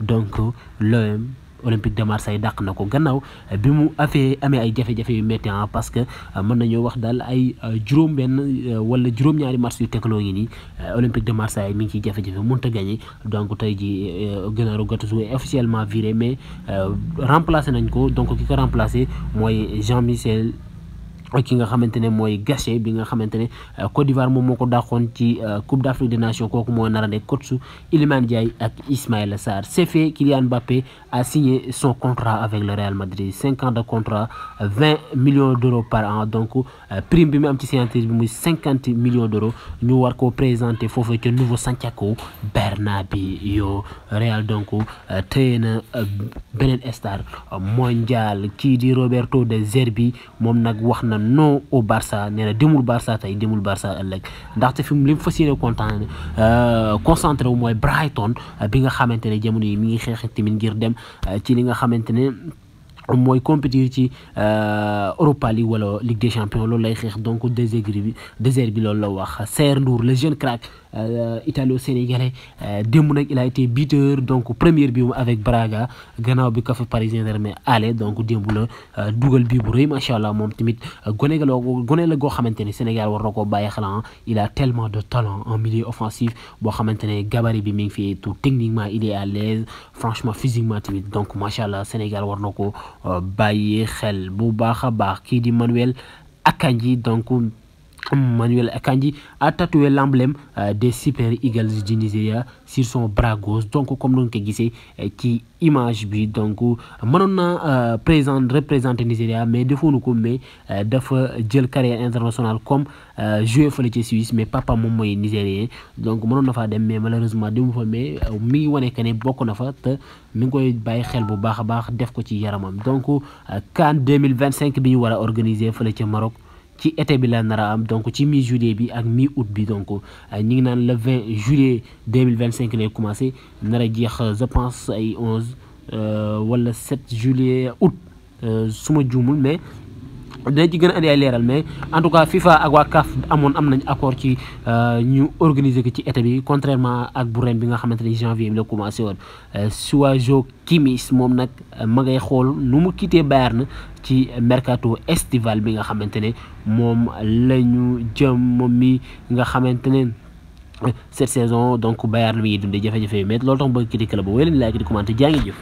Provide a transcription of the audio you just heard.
donc l'OM Olympique de Marseille Dak ko bimu bi fait ay jafé jafé yu en ah, parce que euh, mën nañu wax dal ay euh, juróom ben euh, wala juróom-ñaari match yu Olympique de Marseille mi ngi jafé gagné donc ji officiellement viré mais remplacé nañ ko donc Jean Michel ki nga xamantene moy mooy bi nga xamantene ne euh, Côte d'Ivoire mom moko ko ci euh, Coupe d'Afrique des Nations kooku moo narane a coach Iliman ak Ismaïla Sarr c'est fait Kylian Mbappé a signé son contrat avec le Real Madrid 50 ans de contrat 20 millions d'euros par an donc euh, prime bi mu am ci signature bi muy 50 millions d'euros ñu war koo présenter fofu ci nouveau Santiago Bernabéu Real donc teena beneen star mondial kii di Roberto De Zerbi moom nag wax na non au Barça nee na demul Barça dimul demul Barça ëllëg ndaxte fi mu li mu fas yéene kontaan euh, concentré wu mooy Brighton bi nga xamante ne jamono yi mi ngi xeex tamit ngir dem euh, ci li nga xamante ne. moy compétir ci euh, Europa League wala Ligue des Champions loolu lay xeex donc désert bi désert bi loolu la wax Serre Ndour le jeune crack euh, italo-sénégalais euh, démb nak il a été buteur donc première bi avec Braga gannaaw bi Café Parisien Germain Allez donc démb la dougal bi bu reuy machallah mom timit tamit gone go gone Sénégal war na baye bàyyi hein. il a tellement de talent en milieu offensif bo xamante ne gabarit bi mi ngi fi tout techniquement il est à l'aise franchement physiquement tamit donc machallah Sénégal war na bàyyi xel bu baax a baax Manuel donc Manuel Akanji a tatoué l'emblème euh, des Super Eagles du Nigeria sur son bras gauche donc comme noonu ko gisee ci image bi donc manona na euh, présent représenté Nigeria mais defoonu ko mais euh, dafa jël carrière internationale comme joueur fële ci Suisse mais papa moom mooy nigérien donc manona fa dem mais malheureusement demu fa mais mi ngi woné que ne na fa te mi ngi koy bàyyi xel bu baax a baax def ko ci yaramam donc CAN 2025 bi ñu war organiser fële ca Maroc ci été bi la nar a am donc ci mi juillet bi ak mi août bi donc euh, ñi ngi naan le 20 juillet 2025 lay commencé nar a jeex je pense ay 11 euh, wala 7 juillet août euh, su ma juumul mais dinañ ci gën a ay leeral mais en cas FIFA ak waa CAF amoon am nañ accord ci euh, ñu organiser ko ci été bi contrairement ak bu ren bi nga xamante ne janvier bi la commencé woon Suajo euh, Kimmich moom nag euh, ma ngay xool nu mu quitté Bayern ci mercato estival bi nga xamante ne moom ñu jëm moom mi nga xamante ne cette saison donc Bayern mi ngi dundee jafe-jafe yu loolu tax mu bëgg kii di club ba wéy leen di like di jaa ngi jëf.